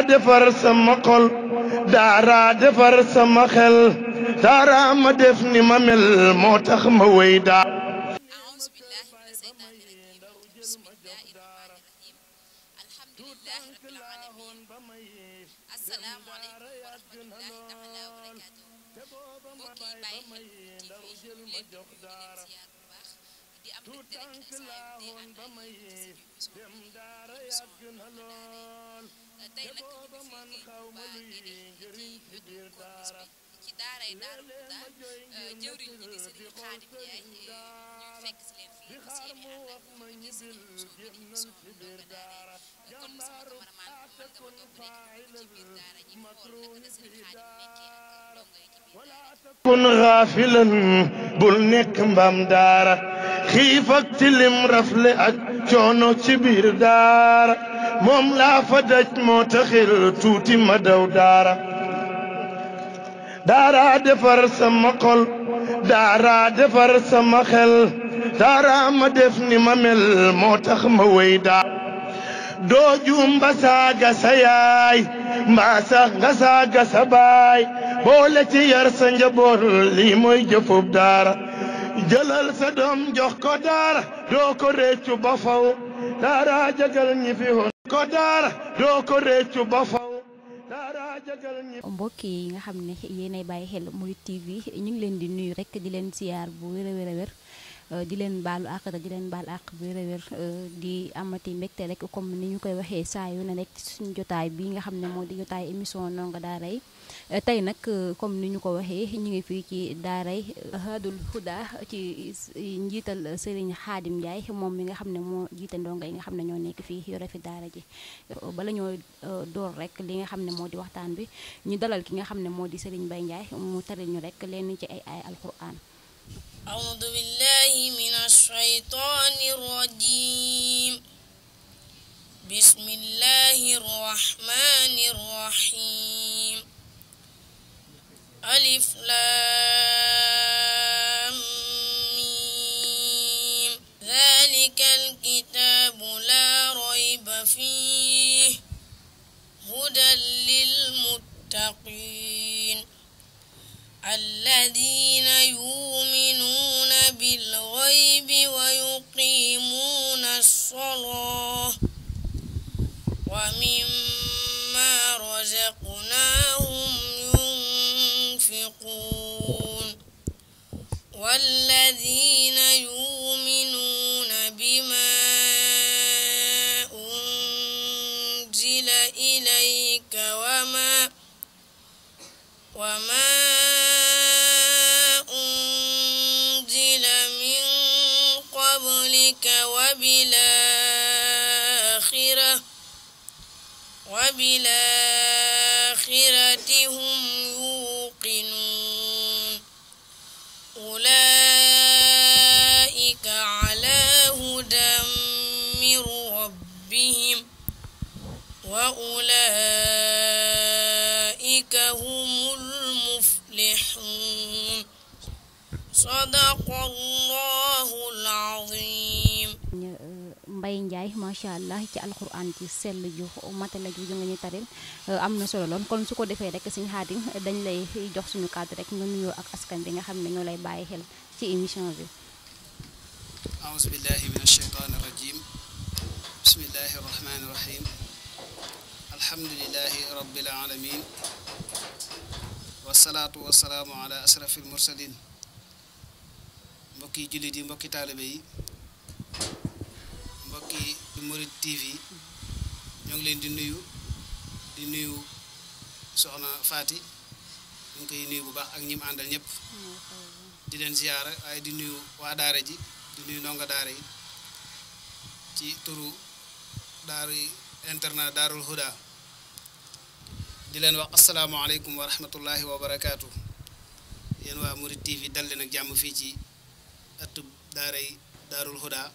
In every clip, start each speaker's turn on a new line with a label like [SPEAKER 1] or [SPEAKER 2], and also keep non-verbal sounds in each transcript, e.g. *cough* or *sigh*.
[SPEAKER 1] دفر سمقل دارا دفر سمخل دارا ما ممل موتخ مويدا tey Daaru Xuda jëwriñ ñi di sëriñ Xaadim eh, eh, kun xaafilan bul nekk mbaam daara xiif tilim rafle ak coono ci daara moom laa fa daj tuuti ma daara daara defar sama xol daara defar sama xel daara ma def ma mel moo tax ma wéy doo juum ba saaga yaay mbaa sax nga saaga sa baay ci yar sa njaboot lii mooy jëfub daara jëlal sa doom jox ko daara doo ko réccu ba faw daara jagal ñi ko daara doo ko réccu ba faw
[SPEAKER 2] mbokk yi nga xam ne yéenay bàyyi xel Mouride TV ñu ngi leen di nuyu rek di leen siyaar bu wér a wér a wér euh, di leen baalu àq di leen baal àq bu wér a wér euh, di amati mbégte rek comme ni ñu koy waxee saa yu ne nekk ci suñu jotaay bi nga xam ne moo di jotaay émission ndongo daara yi tay nak comme niñu ko waxé ñi ngi fi ci daaray Hadul Huda ci njital Serigne Xaadim jay mom mi nga xamne mo jité jiite ndongo nga xamne ño nek fi yore fi daara ji bala ñoo door rek li nga xamne modi moo waxtaan bi ñu dalal ki nga xamne modi Serigne bay jay mu taril ñu rek len ci ay ay alquran
[SPEAKER 3] أعوذ بالله من الشيطان الرجيم بسم الله الرحمن الرحيم ألف لام ميم ذلك الكتاب لا ريب فيه هدى للمتقين الذين يؤمنون بالغيب ويقيمون الصلاة ومما رزقناهم والذين يؤمنون بما أنزل إليك وما وما أنزل من قبلك وبالآخرة وبالآخرة وأولئك هم المفلحون صدق الله العظيم
[SPEAKER 2] mbay Mbaye ma sha allah ci alquran ci sel ju matala ju nga ñu taril am solo lon kon suko defé rek suñu hadim dañ lay jox suñu cadre rek nga nuyo ak askan bi nga xamne ñolay baye xel ci émission bi
[SPEAKER 4] a'udhu billahi minash shaitanir rajim bismillahir rahmanir rahim alhamdulillahi rabbil alamin wasalaatu wasalaamu ala asrafil mursalin mbokki jullit yi mbokki taalibe yi TV Yang lain di nuyu di nuyu soxna Fati Yang ngi koy nuyu bu baax ak ñi mu di leen ziyaara di nuyu waa daara di turu dari internat Darul huda di leen wax asalaamaaleykum wa rahmatullahi wa barakaatu yéen waa Mouride TV dal ak jàmm fii ci ëttub daaray daarul huda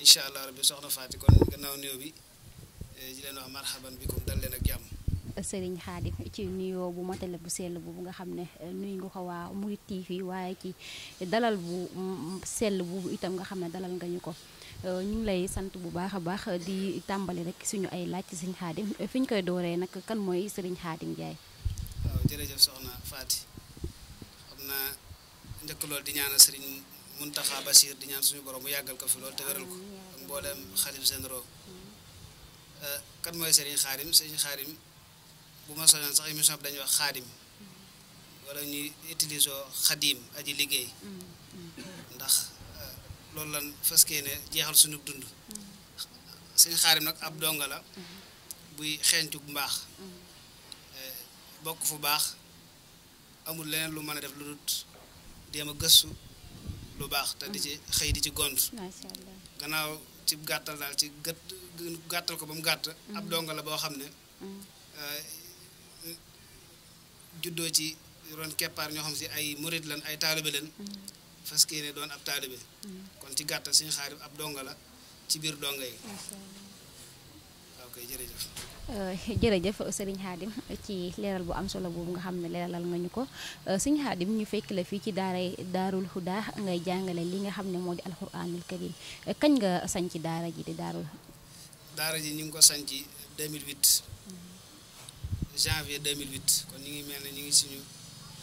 [SPEAKER 4] incha allah rabbi soxna Faati kon gannaaw nuyoo bi eh, di leen wax marhaban bikum dal ak jàmm
[SPEAKER 2] Sëriñ Xaadim ci nuyoo bu matale bu sell bu nga xam ne eh, nuyu nga ko waa Mouride TV waaye ci dalal bu mm, sell bu itam nga xam ne dalal nga ñu ko Euh, ñu ngi lay sant bu baax a baax di tàmbali rek suñu ay laaj ci sëñ Xaadim euh, fi koy dooree nag kan mooy sëriñ Xaadim Ndiaye.
[SPEAKER 4] waaw jërëjëf soxna Faati xam na njëkk lool di ñaanal sëriñ Muntaxa Basiir di ñaan suñu borom mu yàggal ko fi loolu te wéral ko ak mboolem xalif
[SPEAKER 5] euh,
[SPEAKER 4] kan mooy sëriñ Xaadim sëriñ Xaadim bu ma soñoon sax émission bi dañuy wax Xaadim wala ñuy utiliser xadim aji liggéey ndax. loolu lan fas ne jeexal suñu dund sëñ xaarim nag ab donga la buy xeeñtu bu mbaax bokk fu baax amul leneen lu mën a def lu dul dem a gëstu lu baax te di ci xëy di ci gont gannaaw ci gàttal daal ci gàttal ko ba mu gàtt ab donga la boo xam ne juddoo ci ron keppaar ñoo xam si ay murit lan ay taalibe lan fas yéene doon ab taalibe mm. kon ci gàttal suñu xaarib ab donga la ci biir donga yi waaw kay uh,
[SPEAKER 2] jërëjëf sëriñ Xaadim ci leeral bu am solo boobu nga xam ne leeralal nga ñu ko uh, sëriñ Xaadim ñu fekk la fii ci daaray daarul huda ngay jàngale li nga xam ne moo di alxuraanul karim uh, kañ nga sañ ci daara ji di daarul
[SPEAKER 4] daara ji ni ngi ko sañ ci 2008 janvier 2008 kon ñu ngi mel ne ñu ngi suñu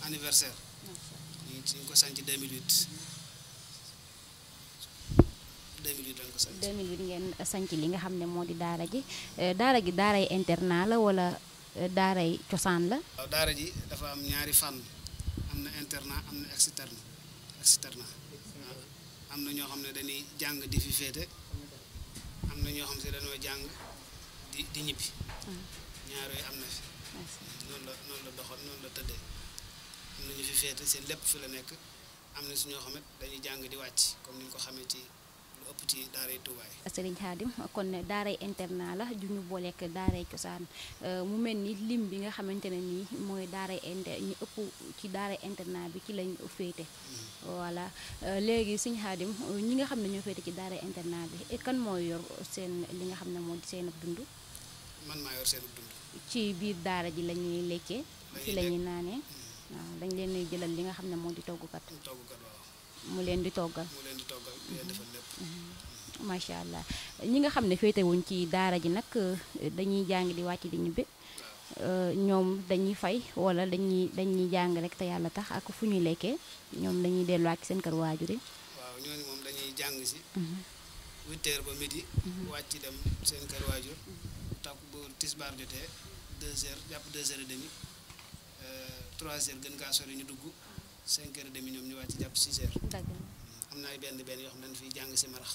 [SPEAKER 4] anniversaire 2008 ñu ngi ko sanc 2008 2008 lañ ko sanc
[SPEAKER 2] 2008 ngeen sanc li nga xam ne moo di daara ji euh, daara gi daaray internat la wala euh, daaray cosaan la
[SPEAKER 4] waaw daara ji dafa am ñaari fan am na internat am na externe externe am na ñoo xam ne dañuy jàng di fi féete am na ñoo xam ne dañoo jàng di ñibbi ah. ñaar yooyu am na fi noonu la noonu la doxoon noonu la tëddee ko xamee
[SPEAKER 2] kon daaray internat la ju ñu booleeg daaray cosaan euh, mu mel ni lim bi nga xamante ne mooy daaray inter ñu ëpp ci daaray internat bi ki lañ féete. Mm-hmm. voilà euh, léegi Serigne Khadim ñi nga xam ne ñoo féete ci daaray internat bi kan mooy yor seen li nga xam ne moo seen dund. dund. ci biir daara ji la ñuy lekkee. ci la waaw dañ leen di jëlal li nga xam ne moo di toggukat
[SPEAKER 4] mu leen di toggal mhm.
[SPEAKER 2] mhm. macha allah ñi nga xam ne féetewuñ ci daara ji nag eh, dañuy jàng di wàcc di ñibbi eh, ñoom dañuy fay wala dañuy dañuy jàng rek te yàlla tax fu ñuy lekkee ñoom dañuy delluwaat ci seen waajur yi
[SPEAKER 4] waaw ñooñu moom dañuy jàng si mhm. huit heures ba midi wàcc dem seen kër waajur takk bu tisbaar jotee deux jàpp deux heures et Euh, trois heures gën kaa sori ñu dugg cinq heures demi ñoom ñu wàcc jàpp six heures am na benn benn yoo xam ne dañ jàng si marax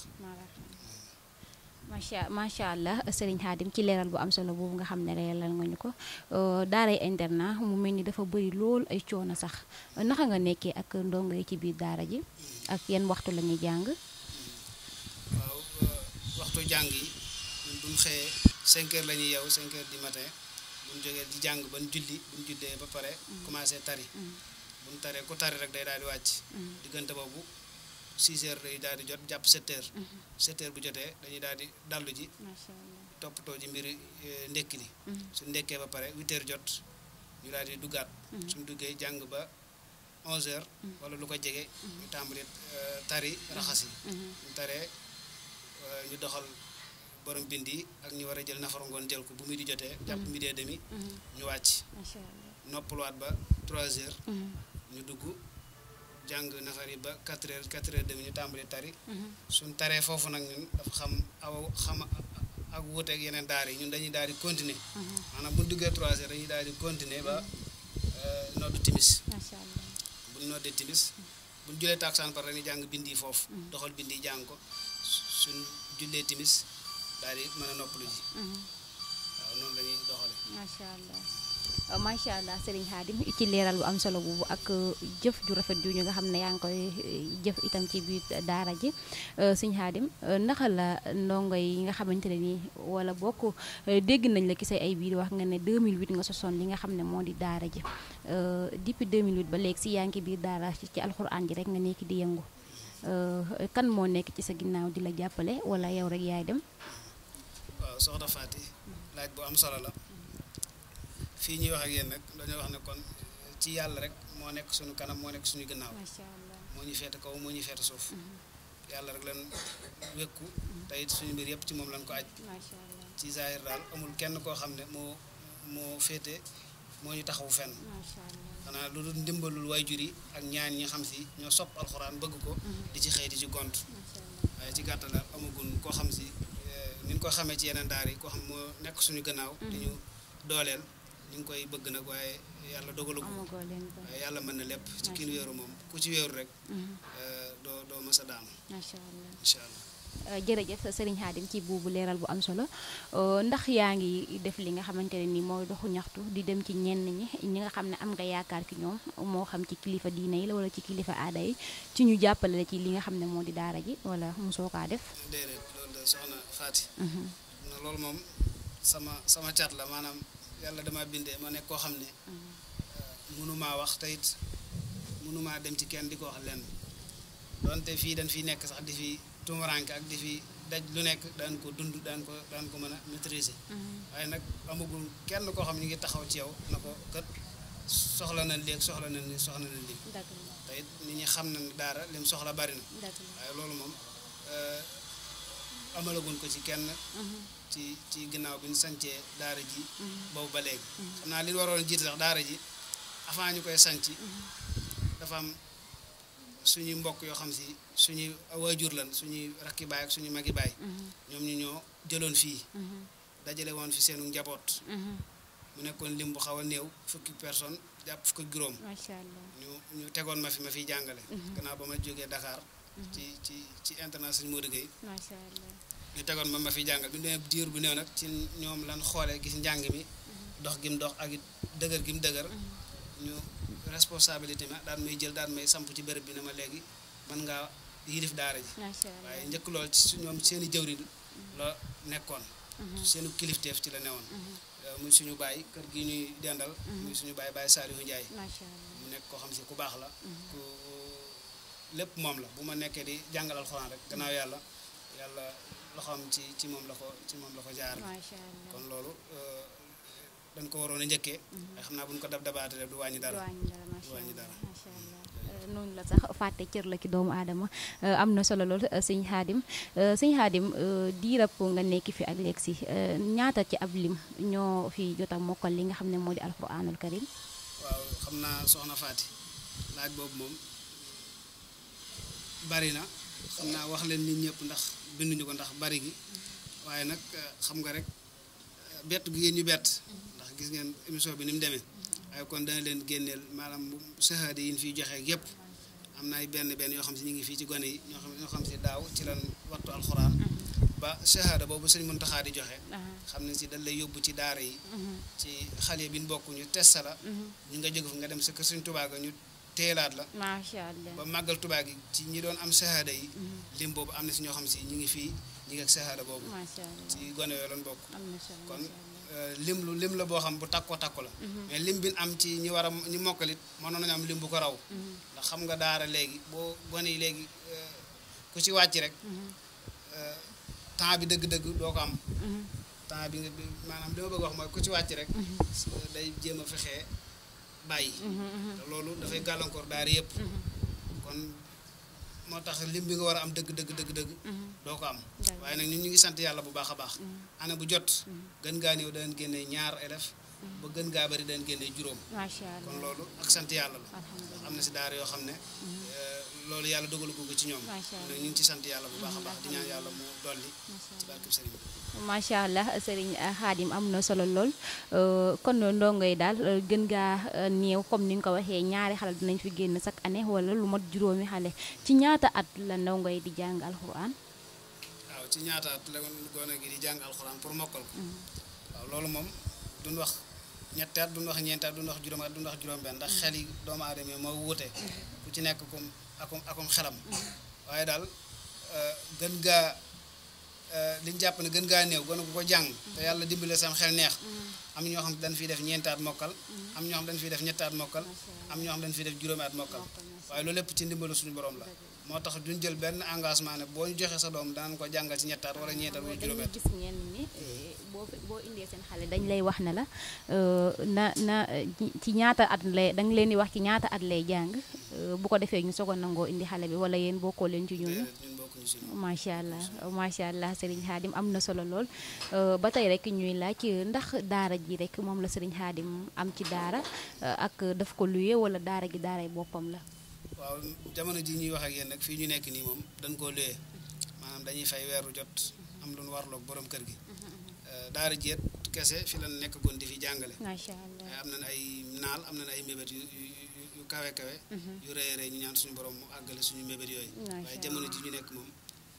[SPEAKER 2] macha macha allah sëriñ Xaadim ci leeral bu am solo boobu nga xam ne la nga ñu ko euh, daaray internat mu mel ni dafa bëri lool ay coono sax naka nga nekkee ak ndongo yi ci biir daara ji ak yenn waxtu la ñuy jàng.
[SPEAKER 4] waaw euh, waxtu jàng yi buñ xëyee 5 heures la ñuy yow 5 heures matin. buñ joge di jang bañ julli buñ julle ba paré mm. commencé tari mm. buñ taré ko tari rek day daal di wacc mm. digënté bobu 6h day daal di jot japp 7h 7h bu joté dañuy daal di dalu ji top to ji mbir eh, ndek ni su ndeké ba paré 8h jot ñu daal di duggat suñ duggé jang ba 11h wala lu ko jégé ñu tambalé eh, tari raxasi mm-hmm. ñu taré eh, ñu doxal borom bind yi ak ñu war a jël nafar ngoon jël ko bu muy jotee mhm. jàpp mi dee demi mhm. ñu wàcc noppaluwaat ba trois heures mhm. ñu dugg jàng nafar ba quatre heures quatre heures demi ñu tàmbali tari suñ taree foofu nag ñun dafa xam aw xam ak wuuteeg yeneen daara yi ñun dañuy daal di continuer maanaam bu ñu duggee trois heures dañuy daal di continuer ba euh, noddu timis bu ñu noddee timis bu ñu julee taksaan par dañuy jàng bind yi foofu doxal bind jàng ko suñ jullee timis daal di
[SPEAKER 5] macha allah.
[SPEAKER 2] macha allah Serigne Khadim ci leeral bu am solo bu ak uh, jëf ju rafet ju ñu nga xam ne yaa ngi koy uh, jëf itam ci biir daara ji uh, Serigne Khadim naka la ndongo yi nga xamante ne nii wala bokk dégg nañ la ki ay biir wax nga ne 2008 nga sosoon li nga xam ne moo di daara ji depuis 2008 ba léegi si yaa ngi biir daara ci alxuraan ji rek nga nekk di yëngu kan moo nekk ci sa ginnaaw di la jàppale wala yow rek yaay dem.
[SPEAKER 4] waaw soxna Faty laaj boo am solo la fii ñuy wax ak yéen nag dañoo wax ne kon ci yàlla rek moo nekk suñu kanam moo nekk suñu gannaaw moo ñu feete kaw moo ñu feete suuf
[SPEAKER 5] mm-hmm.
[SPEAKER 4] yàlla rek lan wékku tayit suñu mbir yëpp ci moom lañ ko aj ci zaahir daal amul kenn koo xam ne moo moo féete moo ñu taxawu fen xanaa lu dul ndimbalul waajur yi ak ñaan ñi xam si ñoo sopp alxuraan bëgg ko mm-hmm. di ci xëy di ci gont waaye ci gàttal daal koo xam si ni ñu ko xamee ci yeneen daara yi koo xam moo nekk suñu gannaaw mm-hmm. di ñu dooleel ñu ngi koy bëgg nag waaye yàlla dogalagu
[SPEAKER 5] waaye yàlla mën
[SPEAKER 4] lépp ci kiin wéeru moom ku ci wéeru rek mm-hmm. eh, doo doo mës a daanu
[SPEAKER 5] macha allah
[SPEAKER 4] incha allah
[SPEAKER 2] eh, jërëjëf Serigne leeral bu am solo eh, ndax yaa ngi def li nga xamante ne ni mooy doxu ñaxtu di dem ci ñenn ñi ñi nga xam ne am nga yaakaar ki ñoom moo xam ci kilifa diine yi la wala ci kilifa aada yi ci ñu jàppale la ci li nga xam ne moo di daara ji wala mosoo kaa def.
[SPEAKER 4] déedéet soxna faati mhm. na lol mom sama sama chat la manam yalla dama bindé ma nekk koo xam ne mhm. uh, wax tayit it dem ci kenn di ko wax lenn donte fi dañ fi nek sax difi fi ak di fi daj lu nek dañ ko dund dañ ko dañ ko mën maîtriser mhm. waaye nak amagul kenn ko xamni ngi taxaw ci yow nako kat soxla na léeg soxla na ni soxla na léeg tayit nit ñi xam na lim soxla bari na waaye loolu moom uh, amalaguñ ko ci kenn mhm. ci ci ginnaaw bi ñu sancee daara ji mhm. boobu ba léegi mhm. xam naa li waroon jiite sax daara ji avant ñu koy sanc dafa am suñuy mbokk yoo xam si suñuy waajur lan suñuy rakki baay ak suñuy magi baay ñoom ñu ñoo jëloon fii dajale woon fi seenu njaboot mu nekkoon lim bu xaw a néew fukki personne jàpp fukki juróom ñu tegoon ma fi ma fiy jàngale gannaaw ba ma jógee Dakar ci ci ci internat Sëñ ñu tegoon ma ma fi jàngal bi ne diir bu ne nag ci ñoom lan xoolee gis njàng mi dox gim dox ak it dëgër gim dëgër ñu responsabilité ma daan may jël daan may samp ci béréb bi ne ma léegi man nga yilif daara ji waaye njëkk lool ci ñoom seen i jëwrin la nekkoon mhm. seenu kilifteef ci la newoon mhm. euh, muy suñu bàyyi kër gi ñuy dendal mhm. muy suñu bàyyi bàyyi Saliou Ndiaye mu nekk koo xam si ku baax la ku lépp moom la bu ma nekkee di jàngal alxuraan rek gannaaw yàlla yàlla loxoom ci ci moom la ko ci loolu euh, dañ ko waroon a njëkkee ay mhm. xam naa bu ñu ko dab dabaatale du wàññi dara
[SPEAKER 5] du wàññi dara
[SPEAKER 2] euh, noonu la sax fàtte cër la ki doomu aadama euh, am na solo lool sëñ xaadim sëñ xaadim diirab nga nekk fi ak léegi si ñaata ci ab lim ñoo fi jot a mokkal li nga xam ne moo di alquranul karim
[SPEAKER 4] waaw xam naa soxna Faati laaj boobu moom bari na xam naa wax leen nit ñëpp ndax binduñu ko ndax bari gi waaye nag eh, xam nga rek eh, bett gi ngeen ñu bett ndax gis ngeen émission bi ni mu demee waaye kon dana leen génneel maanaam sahaada yi ñu fiy joxe yëpp na benn benn yoo xam ñu ngi fii ci gone yi ñoo xam ñoo xam si daaw ci lan wattu alxuraan mm-hmm. ba sahaada boobu sëñ Muntaxa di joxe xam ne si dañ yóbbu ci daara yi mm-hmm. ci xale bi ñu bokk ñu testa mm-hmm. nga jóg fa nga dem sa kër Sëñ Tuubaa ñu teelaat la
[SPEAKER 5] macha allah ba
[SPEAKER 4] màggal tubaa gi ci ñi doon am sahaada yi mm-hmm. lim boobu am na si ñoo xam si ñu ngi fii ñu ngi ak sahaada boobu ci gone yoo doon bokk kon euh, lim lu lim la boo xam bu takko takko la mm-hmm. mais lim bi am ci ñi war a ñi mokkalit mënoon nañu am lim bu ko raw mm-hmm. ndax xam nga daara léegi boo gone yi léegi euh, ku ci wàcc rek euh, temps bi dëgg-dëgg doo ko am temps bi nga maanaam li ma bëgg wax mooy ku ci wàcc rek day jéem a fexee bàyyi mm-hmm, mm-hmm. loolu dafay gàllankoor daara yëpp
[SPEAKER 5] mm-hmm.
[SPEAKER 4] kon moo tax lim bi nga war a am dëgg dëgg dëgg dëgg doo ko am waaye nag ñun ñu ngi sant yàlla bu baax a baax année bu jot gën gaa néew danañ génne ñaar élèves ba gën gaa bari danañ génne juróom kon loolu ak sant yàlla la am na si daara yoo xam ne eh, loolu yàlla dogalu ko ci ñoom
[SPEAKER 5] nag ñu
[SPEAKER 4] ngi ci sant yàlla bu baax a baax di ñaan
[SPEAKER 5] yàlla mu dolli ci barkeb sëriñ bi
[SPEAKER 2] macha allah Serigne eh, Khadim am na solo lool euh, kon ndongo yi daal euh, gën gaa euh, néew comme ni nga ko waxee ñaari xale dinañ fi génne sak année wala lu mat juróomi xale ci ñaata at la ndongo yi di jàng alxuraan.
[SPEAKER 4] ñaata at pour mokkal mm-hmm. waaw loolu moom duñ wax ñetti at duñ wax ñeenti at duñ wax juróom at duñ juróom-benn ndax xel mm-hmm. doomu aadama yi moo wuute. Mm-hmm. ku ci nekk comme akum akum xelam. waaye daal gën gaa. liñ eh, japp ne gën gaa néew gën ko ko jàng te yàlla dimbale sam xel neex
[SPEAKER 5] mm-hmm.
[SPEAKER 4] am ñoo xam dañ fi def ñeenti mokal mokkal mm-hmm. am ñoo xam dañ fi def ñettaat at mokkal am ñoo xam dañ fi def juróomi at mokkal waaye loolu lépp ci ndimbalu suñu borom la moo tax duñ jël benn engagement ne boo ñu joxee sa doom danañ ko jàngal ci ñettaat wala ñeenti wala juróomi gis
[SPEAKER 2] ngeen ni eh, boo boo indee seen xale dañ lay wax ne la eh, na na ci ñaata at lay da nga leen di wax ci ñaata at lay jàng bu ko defee ñu soog a nangoo indi xale bi wala yéen bokkoo leen ci ñooñu macha allah macha allah Serigne Khadim am na solo lool euh, ba tey rek ñuy laaj ndax daara ji rek moom la Serigne Khadim am ci daara euh, ak daf ko luye wala daara gi daaray boppam la.
[SPEAKER 4] waaw jamono ji ñuy wax ak yéen nag fii ñu nekk nii moom dañ koo luye maanaam dañuy fay weeru jot am lu nu warloog borom gi. Euh, daara ji kese fi ay naal am nañ ay mébét yu. kawe kawe mhm. yu rëy rëy ñu ñaan suñu borom mu àggale suñu mébét yooyu waaye jamono ji ñu nekk moom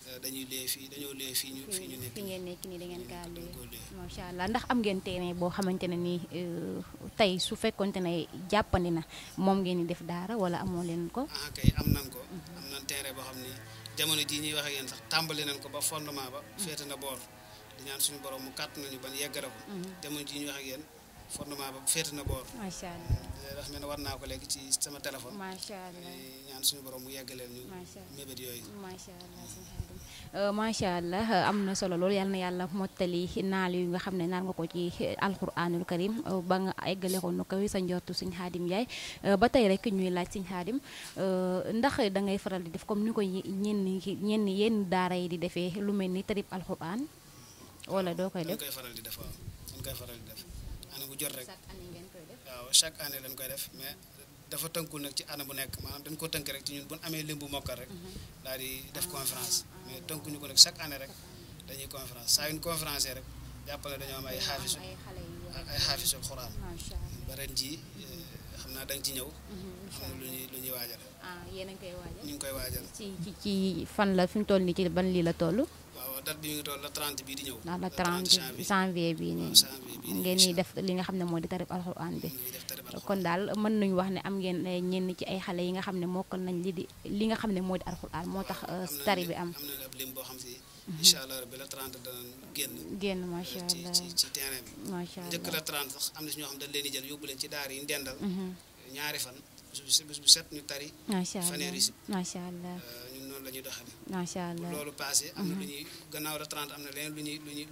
[SPEAKER 4] eh, dañuy lee fii dañoo lee fii ñu nekk
[SPEAKER 2] ngeen nekk nii da ngeen kaa lee macha allah ndax am ngeen terrain boo xamante ne nii eh, tey su fekkonte ne jàppandi na moom ngeen di def daara wala amoo leen ko
[SPEAKER 4] ah kay am nañ ko mhm. am nañ terrain boo xam ne jamono ji ñuy wax ak yéen sax tàmbali nañ ko ba fondement ba mhm. féete na boor di ñaan suñu borom mu kàtt nañu ban yeggale ko jamono fondement ba féete na boor.
[SPEAKER 2] macha allah
[SPEAKER 4] ndax man ko léegi ci sama téléphone.
[SPEAKER 2] macha allah euh, euh, am na solo loolu yal na yàlla mottali naal yu nga xam ne naan nga ko ci euh, alquranul karim ba nga eggale ko nu ko sa njortu suñ xaadim yaay ba tey rek ñuy laaj suñ xaadim ndax da faral di def comme ni ko ñenn ñenn yenn daara yi di defee lu mel ni tarib alquran wala doo koy def.
[SPEAKER 4] def. jot rek waaw chaque année lañ koy def mais dafa tënkul nag ci année bu nekk maanaam dañ ko tënk rek ci ñun bu ñu amee lim bu mokkal rek mhm. daal di def ah, conférence ah, mais ah. tënkuñu ko nag chaque année rek dañuy conférence saa yuñ conférence rek jàppale dañoo am ay xaafisu ay xaafisu xuraan ba ren eh, xam naa dañ ci ñëw xam mhm, na lu ñuy lu ñuy waajal ah a ngi koy waajal ñu ngi koy waajal ci
[SPEAKER 2] ci fan la fi mu toll nii ci ban lii la toll
[SPEAKER 4] waaw date bi mi ngi toll la 30 bii di ñëw. la la 30
[SPEAKER 2] janvier bii nii ngeen ñuy def li nga xam ne mooy di tarib alxuraan bi. kon daal mën nañu wax ne am ngeen eh, ñenn ci ay xale yi nga xam ne mokkal nañ li di li nga xam ne mooy di alxuraan moo tax eh, tari bi am.
[SPEAKER 5] Mhm.
[SPEAKER 4] incha allah allah ci allah. la ñuy doxale macha loolu passé am na lu mhm. ñuy gannaaw la 30 am na leneen lu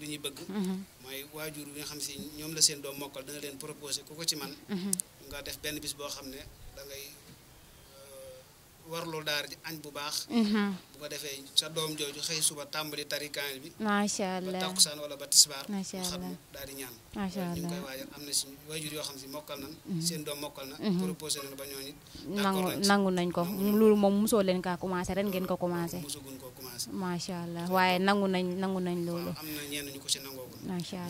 [SPEAKER 4] ñuy bëgg mhm. mooy waajur bi nga xam si ñoom la seen doom mokkal dana leen proposé ku ko ci man mhm. nga def benn bis boo xam ne da warloo daara ji añ bu baax. Mhm. bu a defee sa doom jooju xëy suba tàmbali tari kaamil bi. macha allah ba takkusaan wala ba tisbaar. macha allah xam daal di ñaan. macha allah ñu ngi koy waajal am na si waajur yoo xam si mokkal nan mhm. seen doom mokkal na. Mhm. nangu
[SPEAKER 2] nañ ko loolu moom mosoo leen kaa commencé ren ngeen ko commencé. macha allah waaye nangu nañ nangu nañ loolu.
[SPEAKER 4] am
[SPEAKER 2] macha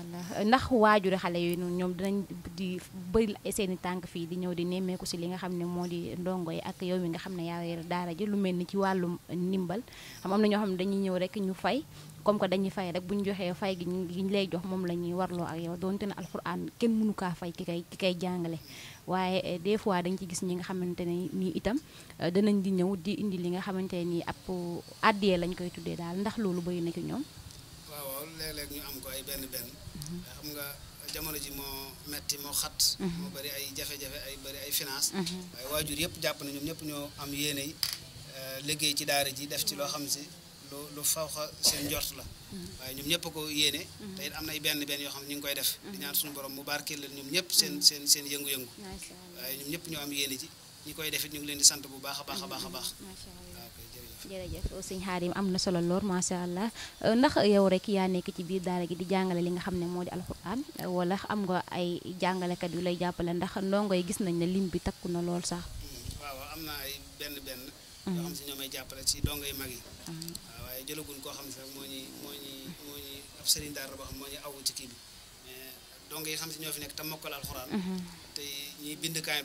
[SPEAKER 2] allah ndax waajuri xale yooyu noonu ñoom danañ di bëri seen tànk fii di ñëw di nemmeeku si li nga xam ne moo di ndongo yi ak yow mi nga xam ne yaa yor daara ji lu mel ni ci wàllu ndimbal xam am na ñoo xam ne dañuy ñëw rek ñu fay. comme que dañuy fay rek bu ñu joxee fay gi ñu lay jox moom la ñuy warloo ak yow donte ne alxuraan kenn mënu kaa fay ki kay ki kay jàngale waaye eh, des fois dañ ci gis ñi nga xamante ni nii itam eh, danañ di ñëw di indi li nga xamante ne nii ab àddiyee lañ koy tuddee daal ndax loolu bëri na ñoom.
[SPEAKER 4] waaw waaw léeg-léeg ñu am ko ay benn benn. Mhm. Eh, xam nga jamono ji moo metti moo xat. Mhm. moo bëri ay jafe-jafe ay bëri ay finance. Mhm. waajur yëpp jàpp na ñoom ñëpp ñoo am yéenay liggéey ci daara ji def ci loo xam si. lu lu faw xa seen njort la
[SPEAKER 5] mm-hmm. waaye
[SPEAKER 4] ñoom ñëpp ko yéene mm-hmm. te am nay benn benn yoo xam ne ñu ngi koy def di mm-hmm. ñaan suñu borom mu barkeel leen ñoom ñëpp seen seen seen yëngu-yëngu waaye ñoom ñoo am yéene ji ñi koy def ñu ngi leen di sant bu baax a baax a baax a baax
[SPEAKER 2] jërëjëf sëñ Xaadim am na solo lool macha allah euh, ndax yow rek yaa nekk ci biir daara gi di jàngale li nga xam ne moo di wala am nga ay jàngalekat yu lay jàppale ndax ndongo yi gis nañ ne lim bi takku na lool sax.
[SPEAKER 4] waaw am na ay benn benn. yoo xam si ñoom ay jàppale si ndongo yu mag yi. jëlaguñ koo xam ne sax moo ñuy moo ñuy moo ñuy ab sëriñ daara boo xam moo ñuy awu ci kii bi mais donc yi xam si ñoo fi nekk te mokkal alxuraan mhm. te ñuy bind kaay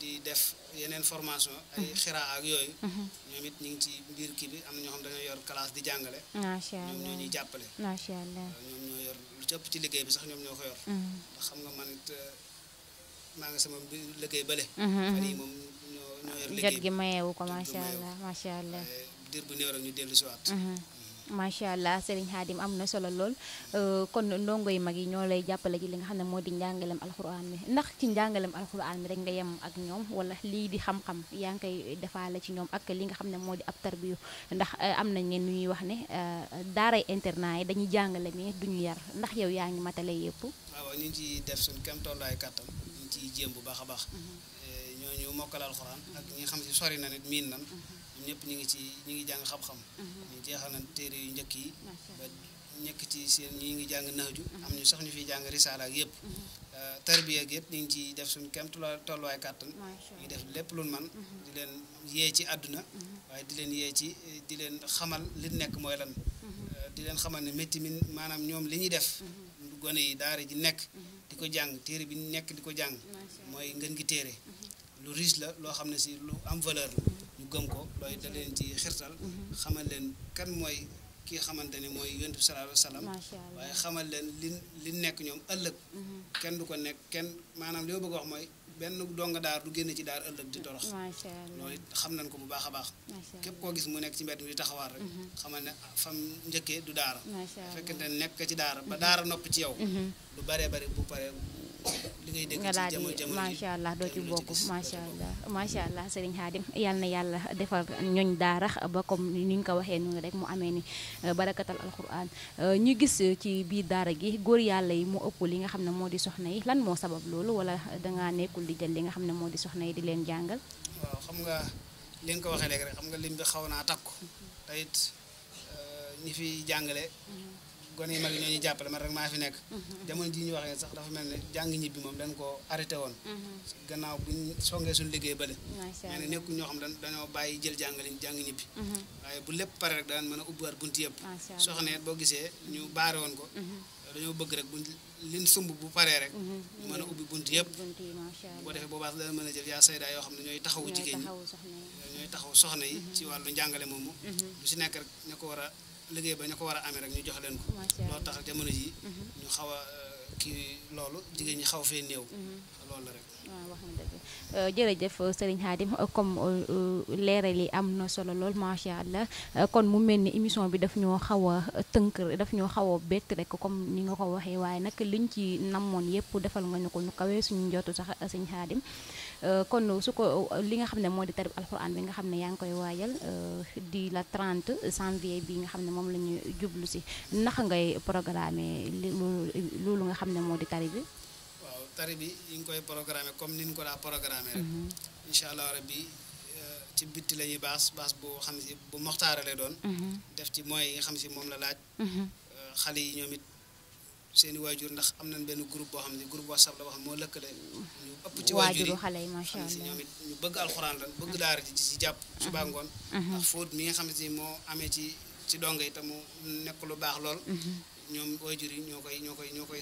[SPEAKER 4] di def yeneen formation ay mhm. xiraa ak yooyu mhm. ñoom it ñu ngi ci mbir kii bi am na ñoo xam dañoo yor classe di jàngale
[SPEAKER 5] ñoom allah
[SPEAKER 2] ñoom allah
[SPEAKER 4] diir bu néew rek ñu dellu si waat mhm.
[SPEAKER 2] mm-hmm. macha allah Serigne Khadim am na solo lool euh, kon ndongo yu mag yi ñoo lay jàppale ji li nga xam ne moo di njàngalem alxuraan mi ndax ci njàngalem alxuraan mi rek nga yem ak ñoom wala lii di xam-xam yaa ngi koy defaale ci ñoom ak li nga xam ne moo di ab tarbiyu ndax euh, am nañ ne ñuy wax ne euh, daaray internat yi dañu jàngale mi duñu yar ndax yow yaa ngi matale yëpp.
[SPEAKER 4] waaw ñu ngi ciy def ñu a mhm. mokkal alxuraan ak ñi xam si sori nit miin nan. ñëpp ñu ngi ci ñu ngi jàng xam-xam mhm. ñu jeexal na téere yu njëkk yi ba ñekk ci seen ñi ngi jàng naaju mhm. am ñu sax ñu fiy jàng risaala ak yëpp mhm. euh, tarbiya ak ñu ngi ciy def suñu kem tolluwaay kàttan ñu ngi def lépp lu man di leen yee ci àdduna waaye di leen yee ci di leen xamal li nekk mooy lan
[SPEAKER 5] euh,
[SPEAKER 4] di leen xamal ne métti mi maanaam ñoom li ñuy def gone yi daara ji nekk di ko jàng téere bi nekk di ko jàng mooy ngeen gi téere lu riche la loo xam ne si lu am valeur la gëm ko looy da leen ci xirtal xamal leen kan mooy ki xamante ne mooy yonent bi sallallahu alayhi wa sallam waaye xamal leen li li nekk ñoom ëllëg kenn du ko nekk kenn maanaam li ma bëgg wax mooy benn donga daar du génn ci daar ëllëg di torox loolu xam nañ ko bu baax baax képp koo gis mu nekk ci mbedd mi rek xamal ne fam njëkkee du daara fekkente nekk ci daara ba daara nopp ci yow lu baree bari bu paree nga daal di macha
[SPEAKER 2] allah doo ci bokk macha allah macha allah sëriñ Xaadim yal na yàlla defar ñooñ daara ba comme ni ñu ko waxee noonu rek mu amee ni euh, barakatal alquran euh, ñu gis ci biir daara gi góor yàlla yi moo ëpp li nga xam ne moo di soxna yi lan moo sabab loolu wala danga nekkul di jël li nga xam ne moo di soxna yi di leen jàngal.
[SPEAKER 4] waaw xam nga li nga ko waxee léegi rek xam nga lim bi xaw naa takku. te it euh, ñi fi jàngale. Mm-hmm. gone yi mag yi ñoo ñu jàppale man rek maa fi nekk mhm. jamono ji ñu waxee sax dafa mel ne jàng ñibbi moom dañ ko arrêté woon mhm. gannaaw buñ songee mhm. bu a ubbiwaat bunt yëpp soxna it boo gisee ñu baare woon ko dañoo bëgg rek buñ liñ sumb bu paree a ubbi bunt yëpp
[SPEAKER 5] bu
[SPEAKER 4] ko a jël yaa sayda yoo xam ne ñooy taxawu jigéen
[SPEAKER 5] ñi
[SPEAKER 4] ñooy taxawu soxna yi ci wàllu njàngale moomu lu si nekk rek ñu ko war a liggéey ba ñu ko war a amee rek ñu jox leen ko loolu tax jamono ji mhm. ñu xaw a euh, kii loolu jigéen ñi xaw fee néew mhm. loolu rek waaw wax
[SPEAKER 2] euh, jërëjëf sëriñ Xaadim comme euh, leeral yi am na solo lool macha allah kon mu mel ni émission bi daf ñoo xaw a tënk daf ñoo xaw a bett rek comme ni nga ko waxee waaye nag liñ ci namoon yëpp defal nga ñu ko ñu kawee suñu njootu sax sëriñ Xaadim Euh, kon su ko li nga xam ne moo di tarib alxuraan bi nga xam ne yaa ngi koy waajal euh, di la 30 janvier bi nga xam ne moom lañuy jublu si nax ngay programmer loolu nga xam ne moo di tari bi
[SPEAKER 4] waaw tari bi ñu ngi koy programmer comme ni ko daa programmer rek mhm. incha allah rabbi euh, ci bitti la ñuy baas baas bu xam si bu moxtaara doon mhm. def ci moyens yi nga xam si moom la laaj mhm. xale yi ñoom seeni waajur ndax am nañ benn groupe boo xam ne groupe whatsapp la boo xam ne moo lëkkale ñu ëpp ci waajur
[SPEAKER 2] xale yi macha si ñoom
[SPEAKER 4] ñu bëgg alxuraan lan bëgg daara ji ci jàpp mi nga xam ne si moo amee ci ci donga itam mu nekk lu baax lool ñoom waajur yi ñoo koy ñoo koy ñoo koy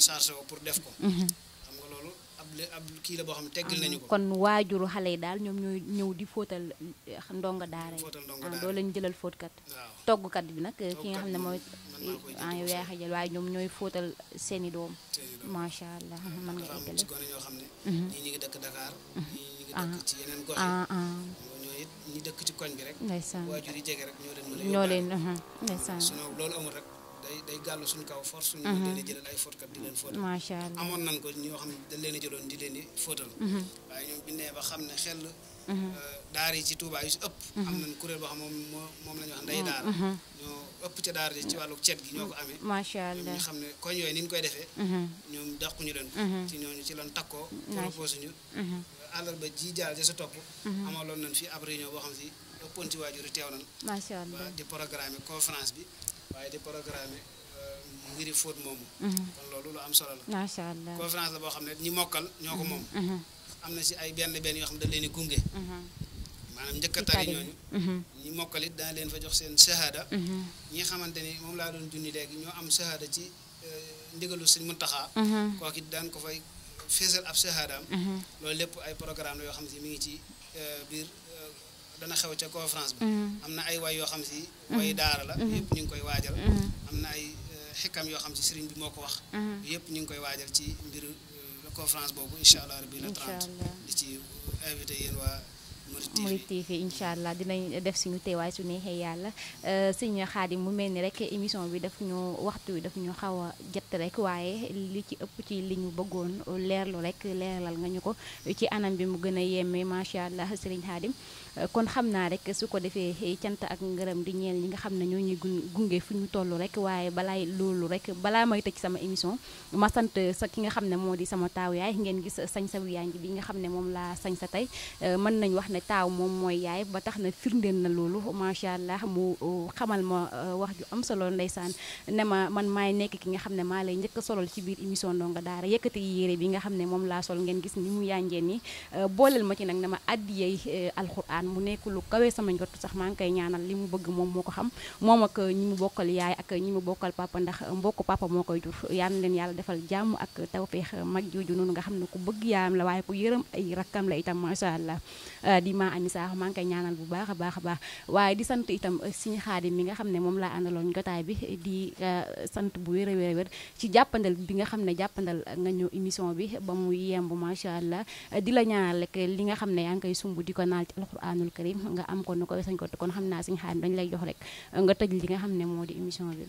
[SPEAKER 4] pour def ko xam nga loolu ab kii la boo xam ne teggil nañu ko kon
[SPEAKER 2] waajuru xale yi daal ñoom ñooy ñëw di fóotal eh, ndonga daara yi fóotal ndonga ah, daara doo leen jëlal fóotkat toggkat bi nag ki nga xam ne mooy ah yow yaay xajal waaye ñoom ñooy fóotal seen i doom macha allah mën nga eggale mhm. ñii ñi ngi dëkk Dakar mhm.
[SPEAKER 4] ñii ñi ngi dëkk ci yeneen gox ah, ah. ñi dëkk ci koñ bi rek waajur yi jege ñoo leen mhm. ndeysaan sinon loolu amul rek day day gàllu suñu kaw force suñu leen jëlal ay fóotkat di leen fóotal macha allah amoon nañ ko ñoo xam ne dañ leen a jëloon di leen di fóotal waaye ñoom bi nee ba xam ne xel Mm-hmm. Euh, daara yi ci Touba yu si ëpp mm-hmm. am nañ kuréel boo xam moom moom la ñu wax ndey daara mm-hmm. ñoo ëpp ca daara ji ci wàllu cet gi ñoo ko amee macha allah ñu xam ne koñ yooyu ni ñu koy defee ñoom dàquñu leen ko ci ñooñu ci lan takkoo proposé ñu àllarba ji jaar ja sa topp amaloon euh, loolu lu am solo la allah conférence boo xam ne ñi mokkal ñoo ko moom am na si ay benn benn yoo xam ne dañ leen di gunge. Mm-hmm. maanaam njëkk a tari ñooñu. Mm-hmm. ñi mokkal it dana leen fa jox seen shahada. Mm-hmm. ñi xamante ni moom laa doon junni léegi ñoo am shahada ci euh, ndigalu Sëñ Muntaxa.
[SPEAKER 5] taxa
[SPEAKER 4] it daan ko fay feesal ab shahadaam. loolu lépp ay programme la yoo xam ne mi ngi ci euh, biir euh, dana xew ca conférence bi. am na ay way yoo xam si. way daara la. yëpp ñu koy waajal. am na ay xikam yoo xam si sëriñ bi moo ko wax. yëpp ñu koy waajal ci mbiru. conférence boobu incha allah rabbi le 30 di ci invité yéen waa
[SPEAKER 2] Mouride TV dinañ def suñu teewaay su neexee yàlla euh, sëñ Xaadim mu mel ni rek émission bi daf ñu waxtu wi daf ñu xaw a jot rek waaye li ci ëpp ci li ñu bëggoon leerlu rek leerlal nga ñu ko ci anam bi mu gën a yemme macha allah sëriñ Xaadim kon xam naa rek su ko defee eh, cant ak ngërëm di ñeel ñi nga xam ne ñoo ñuy gunge fu ñu toll rek waaye balaay loolu rek balaa may tëj sama émission ma sant sa ki nga xam ne moo di sama taaw yaay ngeen gis sañ sa yaay bi nga xam ne moom laa sañ sa tey eh, mën nañ wax ne taaw moom mooy yaay ba tax na firndeel na loolu macha allah mu uh, xamal ma uh, wax ju am solo ndeysaan ne ma man maay nekk ki nga xam ne maa lay njëkk a solol ci biir émission Ndonga Daara yëkkati yére bi nga xam ne moom laa sol ngeen gis ni mu yànjeen ni eh, booleel ma ci nag ne ma addiyey alxuraan daan mu nekk lu kawee sama njort sax ma ngi koy ñaanal li mu bëgg moom moo ko xam moom ak ñi mu bokkal yaay ak ñi mu bokkal papa ndax mbokk papa moo koy jur yaan leen yàlla defal jàmm ak tawfiix mag jooju noonu nga xam ne ku bëgg yaam la waaye ku yërëm ay rakkam la itam macha allah euh, di ma ami saax maa ngi koy ñaanal bu baax a baax a baax waaye di sant itam suñu xaadim mi nga xam ne moom laa àndaloon jotaay bi di euh, sant bu wér a wér a wér ci jàppandal bi nga xam ne jàppandal nga ñëw émission bi ba mu yemb macha allah di la ñaanal rek li nga xam ne yaa ngi koy sumb di ko naal ci alxuraan alquranul karim nga am ko nu ko wesañ ko kon xam naa suñ xaadim dañ lay jox rek nga tëj li nga xam ne moo di émission bi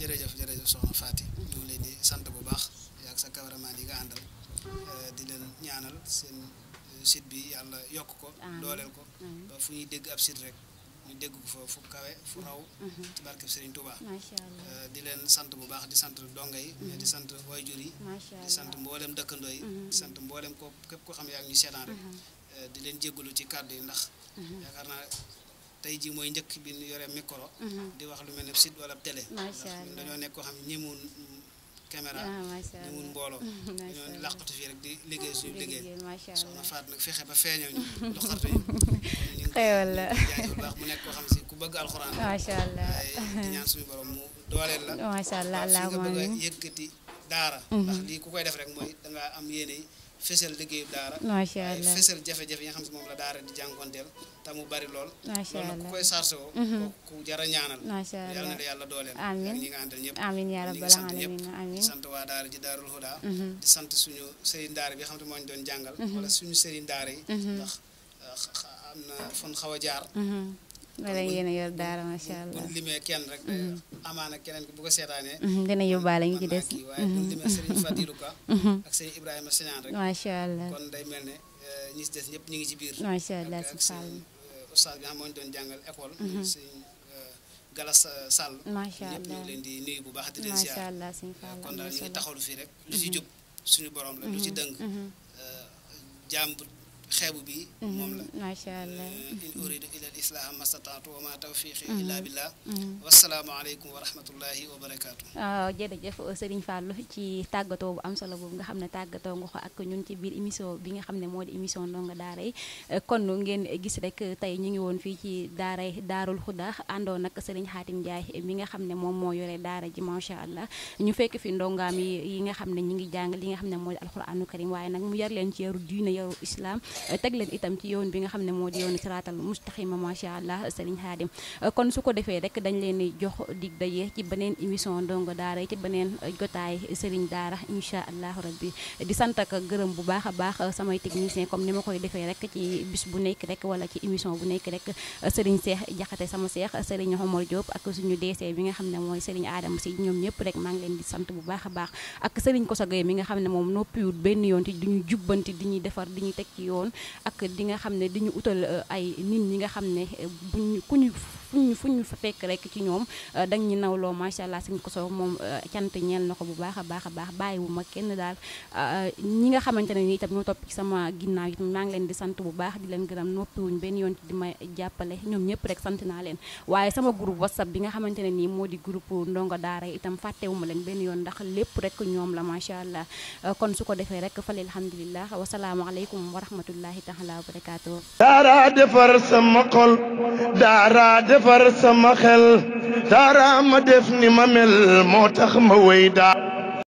[SPEAKER 4] jërëjëf jërëjëf soxna Faty ñu ngi leen di sant bu baax yaa sa cameraman yi nga àndal eh, di leen ñaanal seen eh, site bi yàlla yokk ko dooleel ko ba fu ñuy dégg ab site rek ñu dégg ko fa fu kawe fu mm-hmm. raw mm-hmm. ci barke Serigne Touba eh, di leen sant bu baax di sant donga yi di mm-hmm. sant waajur yi di sant mboolem dëkkandoo yi di sant mboolem ko képp ko xam yaa ngi ñu seetaan rek di leen jéggalu ci kàddu yi ndax mhm. yaakaar naa tey jii mooy njëkk bi ñu yore micro mhm. di wax lu mel ne site wala télé ndax dañoo nekk koo xam ne ñemewuñ caméra ah, ñemewuñ mbooloo *laughs* dañoo làqatu fii rek di liggéey suñu liggéey soxna Faat nag fexe ba feeñoo ñu du *laughs* xartu la baax mu nekk koo xam si ku bëgg alxuraan macha allah di ñaan suñu borom mu dooleel la macha allah allah yëkkati daara mhm. ndax lii ku koy def rek mooy dangaa am yéene fësal liggéeyu daara. macha allah fësal jafe-jafe yi nga xam si moom la daara di jànkonteel te mu bari lool. macha allah loolu ku koy sarse woo. Mhm. ku jara ñaanal. macha allah yal na la yàlla dooleel. amiin ak ñi nga àndal ñëpp. amiin yaa rabbal aalamiin amiin sant waa daara ji daarul huda. Mhm. di sant suñu sëriñ bi xam ne doon jàngal. Mhm. wala suñu sëriñ ah, fon xaw a jaar.
[SPEAKER 2] wala yéen a yor daara macha allah bu limee kenn rek. Mhm.
[SPEAKER 4] amaana keneen bu ko seetaanee. Mhm, dina yóbbaale ñu
[SPEAKER 2] mhm. *laughs* eh, ci des. waaye mel
[SPEAKER 4] ne ñi si des ñu ngi ci biir. macha allah ak Serigne eh, Oustaz bi nga xam moo doon jàngal école. Eh, gala Galas Sall. macha allah ñëpp ñu ngi di bu baax di leen ziar. macha allah kon daal ñu ngi taxawlu rek. lu ci jub suñu borom la. lu ci dëng. jàmbur. xeebu bi
[SPEAKER 2] mm-hmm. moom la macha allah euh, in
[SPEAKER 4] uridu ila lislaam masataatu wa ma tawfiqi mm-hmm. illa billah mm-hmm. wasalaamu aleykum wa rahmatullahi wa barakaatu
[SPEAKER 2] waaw jërëjëf euh, Serigne Fallou ci tàggatoo bu am solo boobu nga xam ne tàggatoo nga ko ak ñun ci biir émission bi nga xam ne moo di émission ndongo daara yi euh, kon ngeen gis rek tey ñu ngi woon fii ci daara daarul xuda àndoon nag Serigne Khadim Ndiaye mi nga xam ne moom moo yore daara ji macha allah ñu fekk fi ndongaam yi yi nga xam ne ñu ngi jàng li nga xam ne mooy di alquranu karim waaye nag mu yar leen ci yaru diine yaru islam teg leen itam ci yoon bi nga xam ne moo di yoonu siraatal mustaxima macha allah Serigne Khadim kon su ko defee rek dañ leen di jox dig daje ci beneen émission ndongo daara ci beneen jotaay Serigne Daara incha allah rabbi di sant ak gërëm bu baax a baax samay technicien comme ni ma koy defee rek ci bis bu nekk rek wala ci émission bu nekk rek Serigne Cheikh Diakhaté sama Cheikh Serigne Omar Diop ak suñu DC bi nga xam ne mooy Serigne Adama si ñoom ñëpp rek maa ngi leen di sant bu baax a baax ak Serigne Kosa Gueye mi nga xam ne moom noppiwut benn yoon te duñu jubbanti di ñuy defar di ñuy teg ci yoon ak di nga xam ne euh, ay nit ñi nga xam ne euh, buñ ku ñu fuñ fuñ ñu fa fekk rek ci ñoom euh, dañ ñu nawloo macha allah suñ ko soo moom euh, cant ñeel na ko bu baax a baax a baax bàyyiwu ma kenn daal euh, ñi nga xamante ne ni itam ñoo topp ci sama ginnaaw itam maa ngi leen di sant bu baax di leen gërëm noppiwuñ benn yoon di ma jàppale ñoom ñëpp rek sant naa leen waaye sama groupe whatsapp bi nga xamante ne nii moo di groupe ndongo daara itam fàttewu ma leen benn yoon ndax lépp rek ñoom la macha allah kon su ko defee rek fale alhamdulilah wasalaamaaleykum wa rahmatullahi taala
[SPEAKER 1] wa defar sama xel dara ma def ni ma mel moo tax ma wéy daa